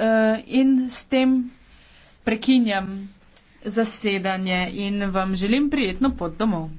uh, in s tem prekinjam zasedanje in vam želim prijetno pot domov.